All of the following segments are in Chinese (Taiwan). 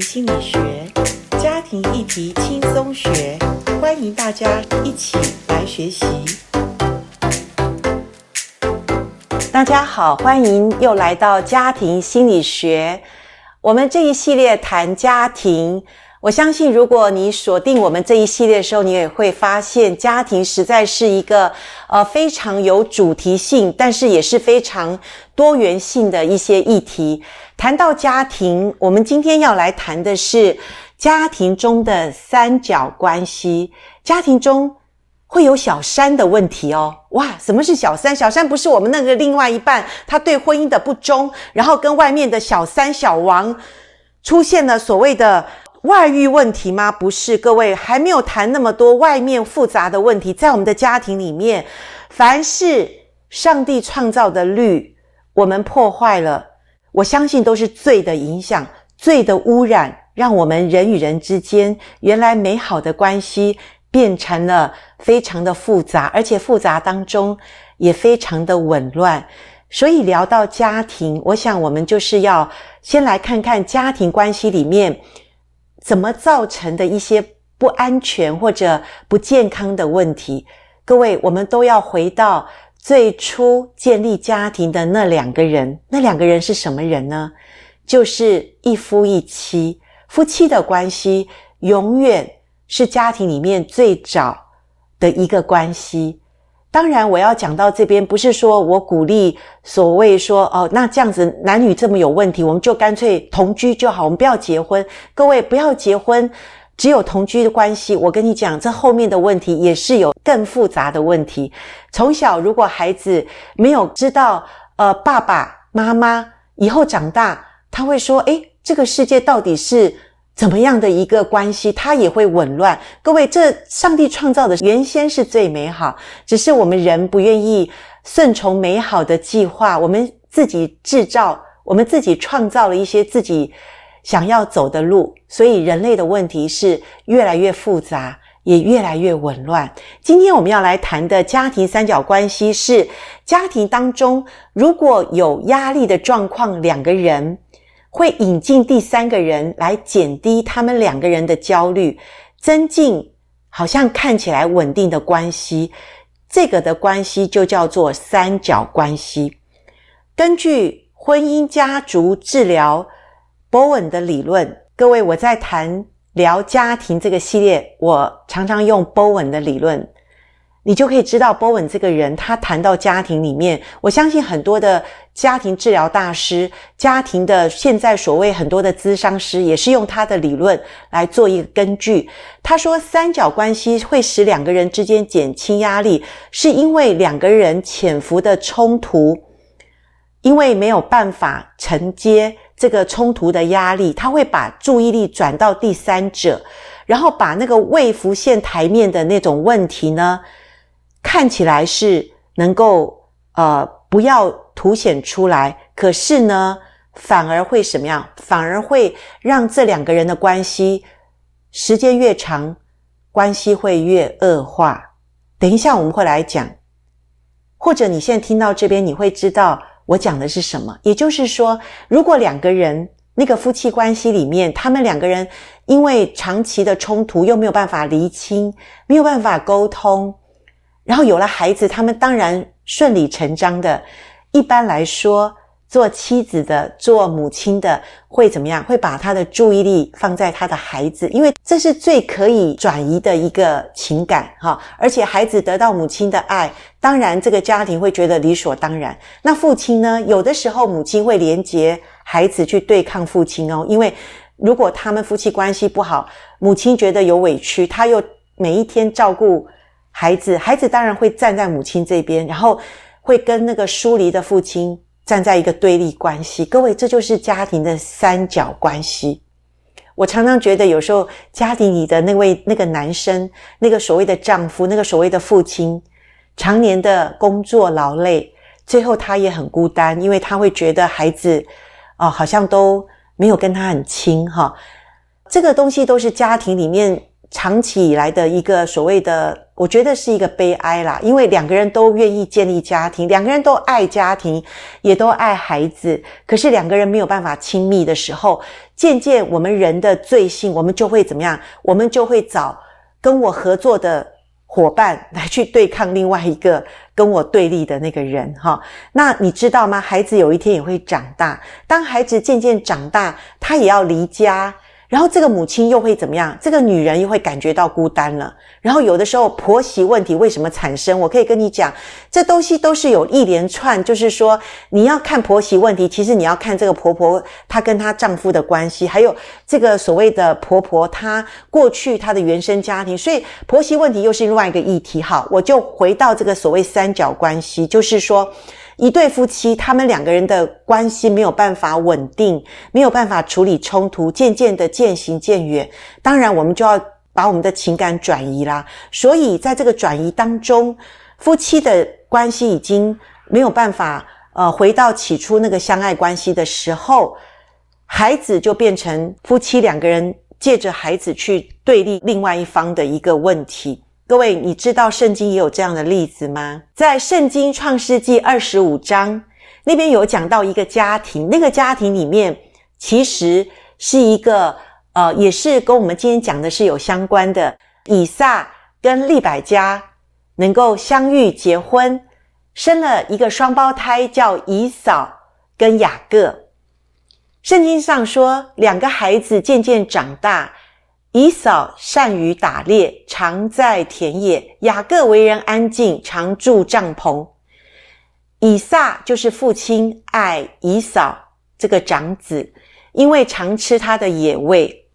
心理學，家庭議題輕鬆學，歡迎大家一起來學習。大家好，歡迎又來到家庭心理學，我們這一系列談家庭。我相信，如果你鎖定我們這一系列的時候，你也會發現，家庭實在是一個呃非常有主題性，但是也是非常多元性的一些議題。談到家庭，我們今天要來談的是家庭中的三角關係。家庭中會有小三的問題哦。哇，什麼是小三？小三不是我們那個另外一半，他對婚姻的不忠，然後跟外面的小三、小王出現了所謂的。外遇問題嗎？不是，各位還沒有談那麼多外面複雜的問題。在我們的家庭裡面，凡是上帝創造的律，我們破壞了，我相信都是罪的影響、罪的污染，讓我們人與人之間原來美好的關係變成了非常的複雜，而且複雜當中也非常的紊亂。所以聊到家庭，我想我們就是要先來看看家庭關係裡面。怎麼造成的一些不安全或者不健康的問題？各位，我們都要回到最初建立家庭的那兩個人。那兩個人是什麼人呢？就是一夫一妻，夫妻的關係永遠是家庭裡面最早的一個關係。當然，我要講到這邊，不是說我鼓勵所謂說哦，那這樣子男女這麼有問題，我們就乾脆同居就好，我們不要結婚。各位不要結婚，只有同居的關係。我跟你講，這後面的問題也是有更複雜的問題。從小如果孩子沒有知道，呃，爸爸媽媽，以後長大他會說，哎，這個世界到底是？怎麼樣的一個關係，它也會紊亂。各位，這上帝創造的原先是最美好，只是我們人不願意順從美好的計劃，我們自己制造，我們自己創造了一些自己想要走的路，所以人類的問題是越來越複雜，也越來越紊亂。今天我們要來談的家庭三角關係是，家庭當中如果有壓力的狀況，兩個人，會引進第三個人，來減低他們兩個人的焦慮，增進好像看起來穩定的關係。這個的關係就叫做三角關係。根據婚姻家族治療 Bowen 的理論，各位，我在談聊家庭這個系列，我常常用 Bowen 的理論。你就可以知道波文這個人，他談到家庭裡面，我相信很多的家庭治療大師、家庭的現在所謂很多的諮商師，也是用他的理論來做一個根據。他說，三角關係會使兩個人之間減輕壓力，是因為兩個人潛伏的衝突，因為沒有辦法承接這個衝突的壓力，他會把注意力轉到第三者，然後把那個未浮現台面的那種問題呢。看起來是能夠呃不要凸顯出來，可是呢，反而會什麼樣？反而會讓這兩個人的關係時間越長，關係會越惡化。等一下我們會來講，或者你現在聽到這邊，你會知道我講的是什麼。也就是說，如果兩個人那個夫妻關係裡面，他們兩個人因為長期的衝突又沒有辦法釐清，沒有辦法溝通。然後有了孩子，他們當然順理成章的。一般來說，做妻子的、做母親的會怎麼樣？會把他的注意力放在他的孩子，因為這是最可以轉移的一個情感，哈、哦。而且孩子得到母親的愛，當然這個家庭會覺得理所當然。那父親呢？有的時候母親會連接孩子去對抗父親哦，因為如果他們夫妻關係不好，母親覺得有委屈，他又每一天照顧。孩子，孩子當然會站在母親這邊，然後會跟那個疏離的父親站在一個對立關係。各位，這就是家庭的三角關係。我常常覺得，有時候家庭裡的那位那個男生，那個所謂的丈夫，那個所謂的父親，常年的工作勞累，最後他也很孤單，因為他會覺得孩子哦，好像都沒有跟他很親哈、哦。這個東西都是家庭裡面。長期以來的一個所謂的，我覺得是一個悲哀啦，因為兩個人都願意建立家庭，兩個人都愛家庭，也都愛孩子，可是兩個人沒有辦法親密的時候，漸漸，我們人的罪性，我們就會怎麼樣？我們就會找跟我合作的夥伴來去對抗另外一個跟我對立的那個人哈。那你知道嗎？孩子有一天也會長大，當孩子漸漸長大，他也要離家。然後這個母親又會怎麼樣？這個女人又會感覺到孤單了。然後有的時候婆媳問題為什麼產生？我可以跟你講，這東西都是有一連串，就是說你要看婆媳問題，其實你要看這個婆婆她跟她丈夫的關係，還有這個所謂的婆婆她過去她的原生家庭。所以婆媳問題又是另外一個議題。好，我就回到這個所謂三角關係，就是說。一對夫妻，他們兩個人的關係沒有辦法穩定，沒有辦法處理衝突，漸漸的漸行漸遠。當然，我們就要把我們的情感轉移啦。所以，在這個轉移當中，夫妻的關係已經沒有辦法，呃，回到起初那個相愛關係的時候，孩子就變成夫妻兩個人借着孩子去對立另外一方的一個問題。各位，你知道聖經也有這樣的例子嗎？在聖經創世紀二十五章那邊有講到一個家庭，那個家庭裡面其實是一個呃，也是跟我們今天講的是有相關的。以撒跟利百加能夠相遇、結婚，生了一個雙胞胎，叫以掃跟雅各。聖經上說，兩個孩子漸漸長大。以掃善於打獵，常在田野。雅各為人安靜，常住帳篷。以撒就是父親愛以掃這個長子，因為常吃他的野味。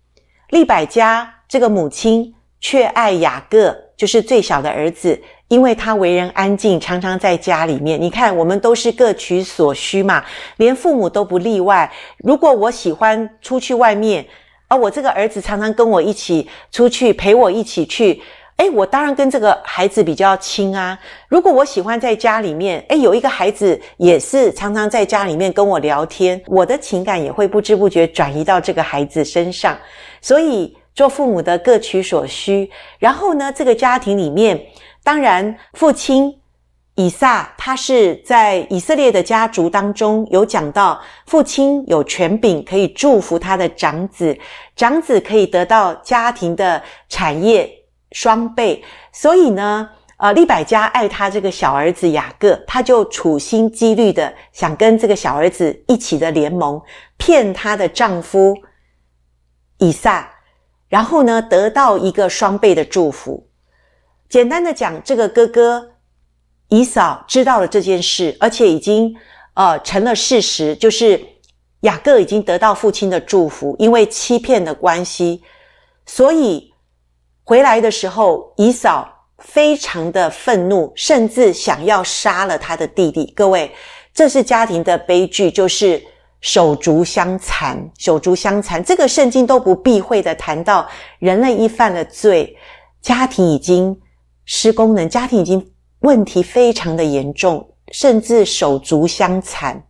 利百加這個母親卻愛雅各，就是最小的兒子，因為他為人安靜，常常在家裡面。你看，我們都是各取所需嘛，連父母都不例外。如果我喜歡出去外面，我這個兒子常常跟我一起出去，陪我一起去。哎，我當然跟這個孩子比較親啊。如果我喜歡在家裡面，哎，有一個孩子也是常常在家裡面跟我聊天，我的情感也會不知不覺轉移到這個孩子身上。所以，做父母的各取所需。然後呢，這個家庭裡面，當然父親。以撒，他是在以色列的家族當中有講到，父親有權柄可以祝福他的長子，長子可以得到家庭的產業雙倍。所以呢，呃，利百加愛他這個小兒子雅各，他就處心積慮的想跟這個小兒子一起的聯盟，騙他的丈夫以撒，然後呢，得到一個雙倍的祝福。簡單的講，這個哥哥。以掃知道了這件事，而且已經，呃，成了事實，就是雅各已經得到父親的祝福，因為欺騙的關係，所以回來的時候，以掃非常的憤怒，甚至想要殺了他的弟弟。各位，這是家庭的悲劇，就是手足相殘，手足相殘，這個聖經都不避諱的談到，人類一犯了罪，家庭已經失功能，家庭已經。問題非常的嚴重，甚至手足相殘，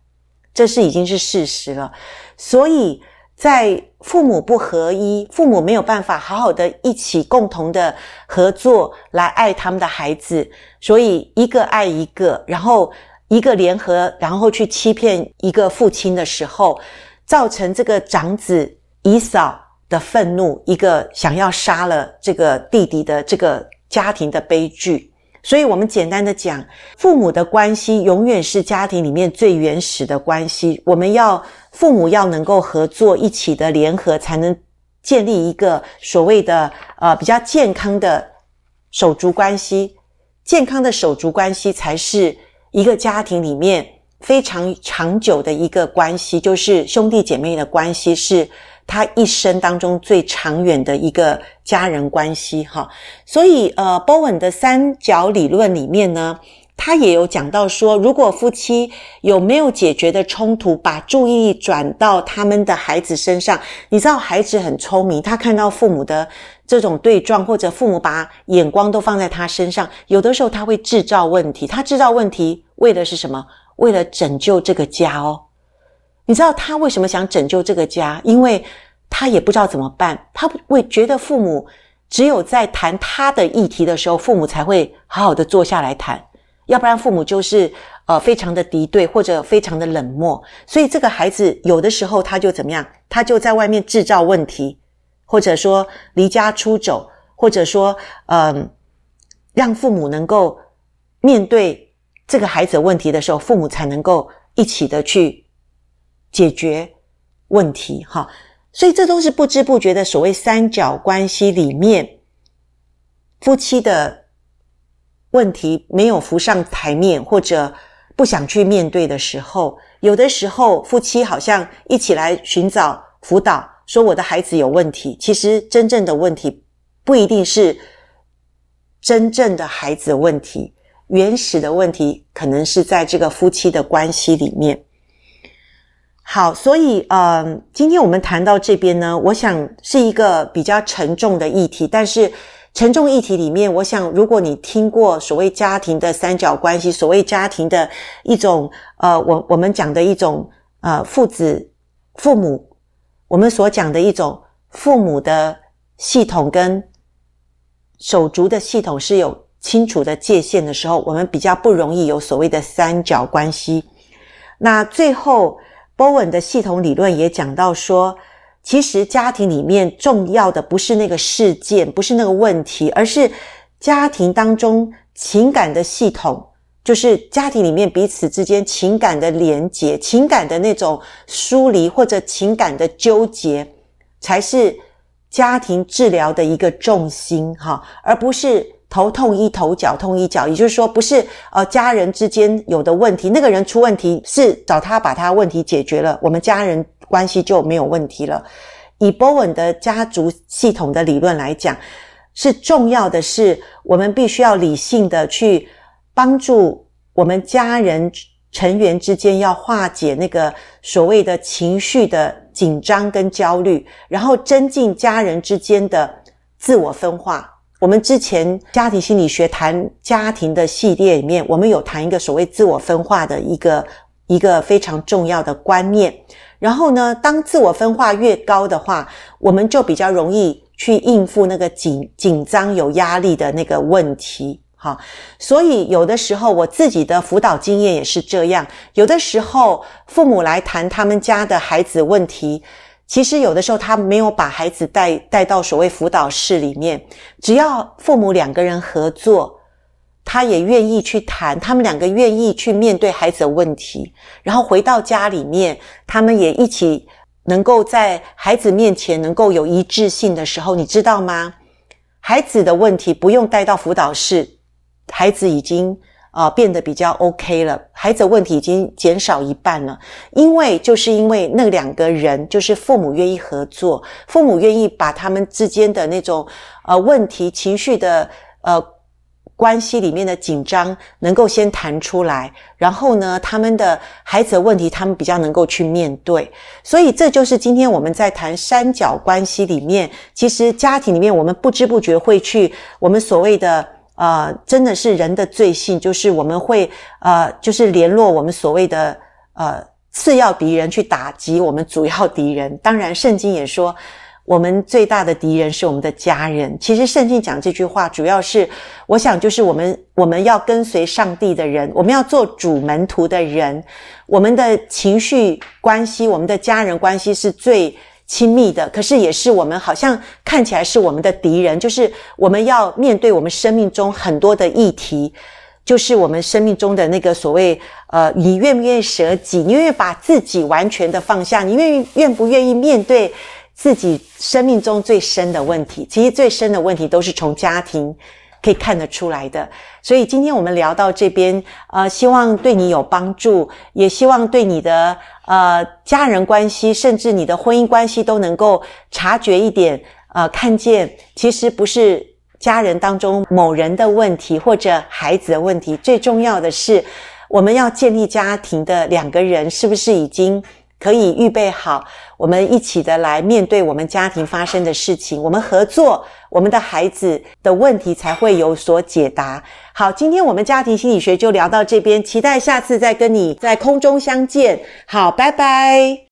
這是已經是事實了。所以，在父母不合一，父母沒有辦法好好的一起共同的合作來愛他們的孩子，所以一個愛一個，然後一個聯合，然後去欺騙一個父親的時候，造成這個長子以掃的憤怒，一個想要殺了這個弟弟的這個家庭的悲劇。所以，我們簡單的講，父母的關係永遠是家庭裡面最原始的關係。我們要父母要能夠合作一起的聯合，才能建立一個所謂的呃，比較健康的手足關係。健康的手足關係才是一個家庭裡面非常長久的一個關係，就是兄弟姐妹的關係是他一生當中最長遠的一個家人關係，哈，所以呃，波文的三角理論裡面呢，他也有講到說，如果夫妻有沒有解決的衝突，把注意力轉到他們的孩子身上，你知道孩子很聰明，他看到父母的這種對撞，或者父母把眼光都放在他身上，有的時候他會制造問題，他制造問題，為的是什麼？為了拯救這個家哦。你知道他為什麼想拯救這個家？因為他也不知道怎麼辦，他會覺得父母只有在談他的議題的時候，父母才會好好的坐下來談，要不然父母就是呃非常的敵對或者非常的冷漠。所以這個孩子有的時候他就怎麼樣？他就在外面制造問題，或者說離家出走，或者說嗯、呃，讓父母能夠面對這個孩子的問題的時候，父母才能夠一起的去。解決問題，哈，所以這都是不知不覺的所謂三角關係裡面，夫妻的問題沒有浮上台面，或者不想去面對的時候，有的時候夫妻好像一起來尋找輔導，說我的孩子有問題，其實真正的問題不一定是真正的孩子的問題，原始的問題可能是在這個夫妻的關係裡面。好，所以嗯、呃，今天我們談到這邊呢，我想是一個比較沉重的議題。但是，沉重議題裡面，我想，如果你聽過所謂家庭的三角關係，所謂家庭的一種呃，我我們講的一種呃父子、父母，我們所講的一種父母的系統跟手足的系統是有清楚的界限的時候，我們比較不容易有所謂的三角關係。那最後。波文的系統理論也講到說，其實家庭裡面重要的不是那個事件，不是那個問題，而是家庭當中情感的系統，就是家庭裡面彼此之間情感的連結、情感的那種疏離或者情感的糾結，才是家庭治療的一個重心哈，啊，而不是。頭痛醫頭，腳痛醫腳，也就是說，不是呃家人之間有的問題，那個人出問題，是找他把他問題解決了，我們家人關係就沒有問題了。以波恩的家族系統的理論來講，是重要的是，我們必須要理性的去幫助我們家人成員之間要化解那個所謂的情緒的緊張跟焦慮，然後增進家人之間的自我分化。我們之前家庭心理學談家庭的系列裡面，我們有談一個所謂自我分化的一個一個非常重要的觀念。然後呢，當自我分化越高的話，我們就比較容易去應付那個緊緊張、有壓力的那個問題。哈，所以有的時候我自己的輔導經驗也是這樣。有的時候父母來談他們家的孩子問題。其實有的時候他沒有把孩子帶帶到所謂輔導室裡面，只要父母兩個人合作，他也願意去談，他們兩個願意去面對孩子的問題，然後回到家裡面，他們也一起能夠在孩子面前能夠有一致性的時候，你知道嗎？孩子的問題不用帶到輔導室，孩子已經。啊、呃，變得比較 OK 了，孩子問題已經減少一半了。因為就是因為那兩個人，就是父母願意合作，父母願意把他們之間的那種呃問題、情緒的呃關係裡面的緊張能夠先談出來，然後呢，他們的孩子的問題，他們比較能夠去面對。所以這就是今天我們在談三角關係裡面，其實家庭裡面我們不知不覺會去我們所謂的。呃，真的是人的罪性，就是我們會，呃，就是聯絡我們所謂的呃次要敵人去打擊我們主要敵人。當然，聖經也說，我們最大的敵人是我們的家人。其實，聖經講這句話，主要是我想，就是我們我們要跟隨上帝的人，我們要做主門徒的人，我們的情緒關係、我們的家人關係是最親密的，可是也是我們好像看起來是我們的敵人，就是我們要面對我們生命中很多的議題，就是我們生命中的那個所謂呃，你願不願意舍己？你願意把自己完全的放下？你願意願不願意面對自己生命中最深的問題？其實最深的問題都是從家庭。可以看得出來的，所以今天我們聊到這邊，呃，希望對你有幫助，也希望對你的呃家人關係，甚至你的婚姻關係都能夠察覺一點，呃，看見其實不是家人當中某人的問題或者孩子的問題，最重要的是，我們要建立家庭的兩個人是不是已經。可以預備好，我們一起的來面對我們家庭發生的事情。我們合作，我們的孩子的問題才會有所解答。好，今天我們家庭心理學就聊到這邊，期待下次再跟你在空中相見。好，拜拜。